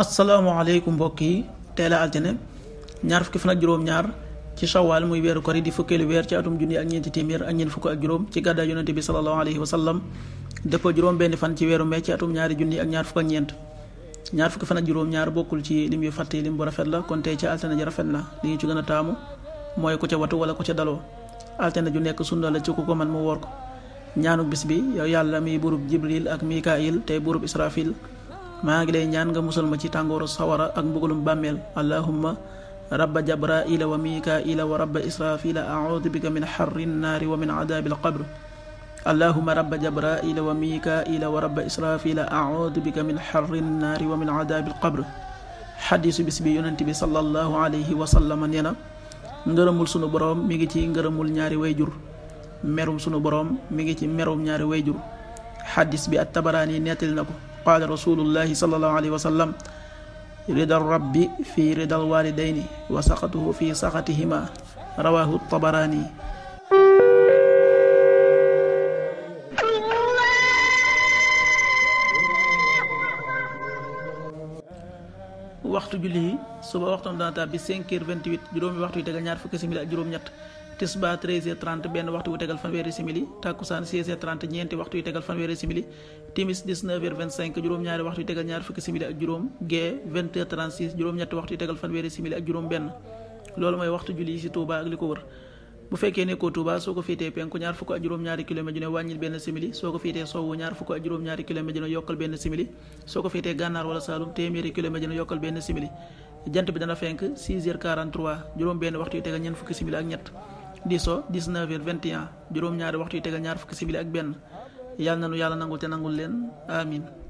asalaamaaleykum mbokk yi teel a altine ñaar fukki fan ak juróom-ñaar ci shawaal muy weeru kori di fukkeelu weer ci atum junni ak ñeenti téeméer ak ñeent fukk ak juróom ci gàddaay yonente bi salallaahu alayhi wa sallam dëppoo juróom benn fan ci weeru mai ci atum ñaari junni ak ñaar fukk ak ñeent ñaar fukki fan ak juróom-ñaar bokkul ci lim yu fàtte lim bu rafet la kon tey ci altine ji rafet na li ñu ci gën a taamu mooy ku ca watu wala ku ca daloo altine ju nekk sunna la ci man mu woor ko ñaanuk bis bi yow yàlla mi burub jibril ak mikail tey burub israfil maa ngi lay ñaan nga musal ma ci tàngooru sawara ak mbugalum bàmmeel allahumma rabba jabraila wa mikaila wa rabba israfila audu bika min xarri nnaari wa min adaabi alqabr allahumma rabba jabraila wa mikaila wa rabba israfila audu bika min xarri nnaari wa min adaabi alqabr xadisu bis bi yonent bi sallallahu alayhi wa sallama nee na ngërëmul sunu boroom mi ngi ci ngërëmul ñaari wayjur merum sunu boroom mi ngi ci merum ñaari wa wayjur xadis bi at tabaraani nettali na ko qaala rasulullahi sallallahu alayhi wa sallam ridal rabbi fi ridal walidayni wa saxatuhu fi saxatihima rawahu tabaraani waxtu julli yi suba waxtoon dana tàbbi 5h28 juróomi waxtu yi tegal ñaar fukki simili ak juróom-ñett tisba 13h30 benn waxtu wu tegal fanweeri simili takkusaan 16h30 ñeenti waxtu yu tegal fanweeri simili timis 19h25 juróom-ñaari waxtu yu tegal ñaar fukki simili ak juróom gee 20h36 juróom-ñetti waxtu yu tegal fanweeri simili ak juróom benn loolu mooy waxtu julli ci Touba ak li ko wër bu fekkee nekkoo Touba soo ko féetee penku ñaar fukk ak juróom-ñaari kilomètre ju ne wàññil benn simili soo ko féetee sowwu ñaar fukk ak juróom-ñaari kilomètre ju ne yokkal benn simili soo ko féetee gànnaar wala Saalum téeméeri kilomètre ju ne yokkal benn simili jant bi dana fenk 6h43 juróom benn waxtu yu tegal ñeent fukki simili ak ñett diisoo 19 heures 21 juróom-ñaari waxtu yu tegal ñaar fukki simili ak benn yàlla na nu yàlla nangul te nangul leen amin